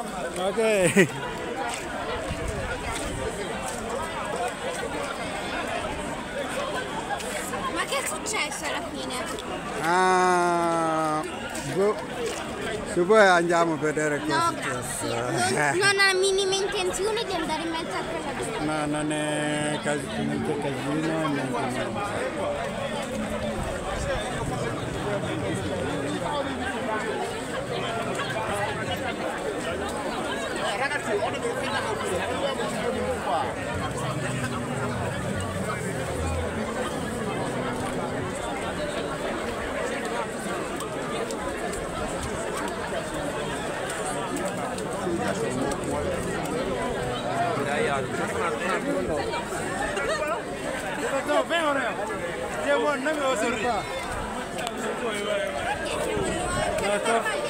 Ok. Ma che è successo alla fine? Ah, boh. Se vuoi andiamo a vedere cosa no, grazie. Non, non ha minima intenzione di andare in mezzo a quella No, non è cas- niente casino, niente. niente. sto,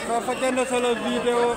no, facendo solo video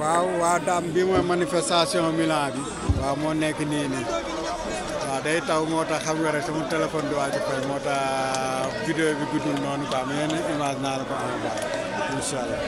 waaw waa daam bi mooy manifestation Milan bi moo nekk nii nii waaw day taw moo tax xam nga rek sama téléphone bi waa fay moo tax vidéo bi guddul noonu quoi yenn image naa ko envoyé incha allah